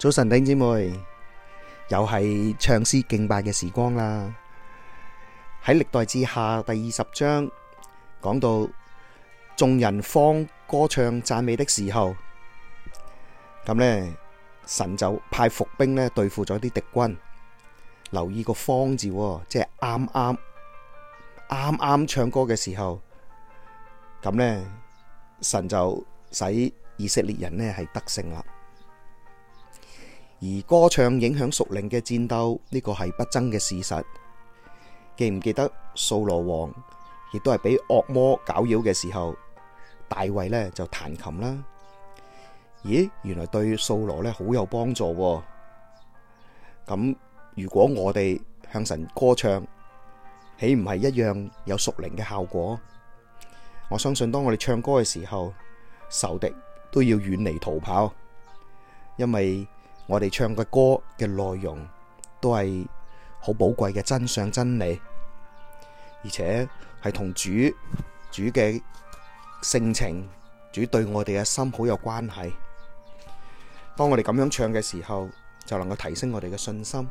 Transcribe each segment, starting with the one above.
早晨，丁姐妹，又係唱詩敬拜嘅時光啦。喺歷代志下第二十章講到眾人方歌唱讚美的時候，咁呢，神就派伏兵咧對付咗啲敵軍。留意個方字，即係啱啱啱啱唱歌嘅時候，咁呢，神就使以色列人呢係得勝啦。而歌唱影響屬靈嘅戰鬥，呢個係不爭嘅事實。記唔記得掃羅王亦都係俾惡魔攪擾嘅時候，大衛呢就彈琴啦。咦，原來對掃羅呢好有幫助，哦。咁如果我哋向神歌唱，豈唔係一樣有屬靈嘅效果？我相信當我哋唱歌嘅時候，仇敵都要遠離逃跑，因為。我哋唱嘅歌嘅內容都係好寶貴嘅真相、真理，而且係同主主嘅性情、主對我哋嘅心好有關係。當我哋咁樣唱嘅時候，就能夠提升我哋嘅信心。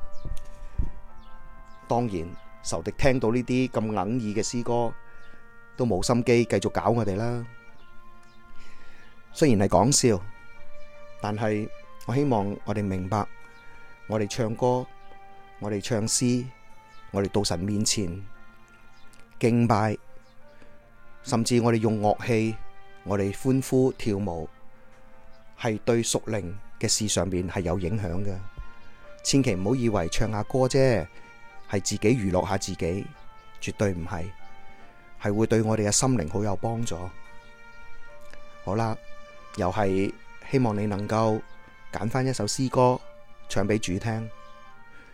當然，仇敵聽到呢啲咁硬意嘅詩歌，都冇心機繼續搞我哋啦。雖然係講笑，但係我希望我哋明白，我哋唱歌，我哋唱詩，我哋到神面前敬拜，甚至我哋用樂器，我哋歡呼跳舞，係對屬靈嘅事上面係有影響嘅。千祈唔好以為唱下歌啫，係自己娛樂下自己，絕對唔係，係會對我哋嘅心靈好有幫助。好啦，又係希望你能夠。揀翻一首詩歌唱俾主聽。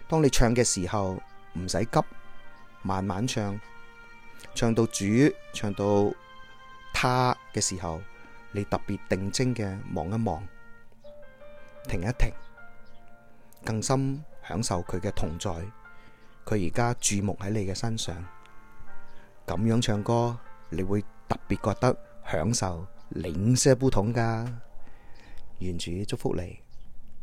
當你唱嘅時候，唔使急，慢慢唱。唱到主，唱到他嘅時候，你特別定睛嘅望一望，停一停，更深享受佢嘅同在。佢而家注目喺你嘅身上。咁樣唱歌，你會特別覺得享受、零舍不同噶。願主祝福你。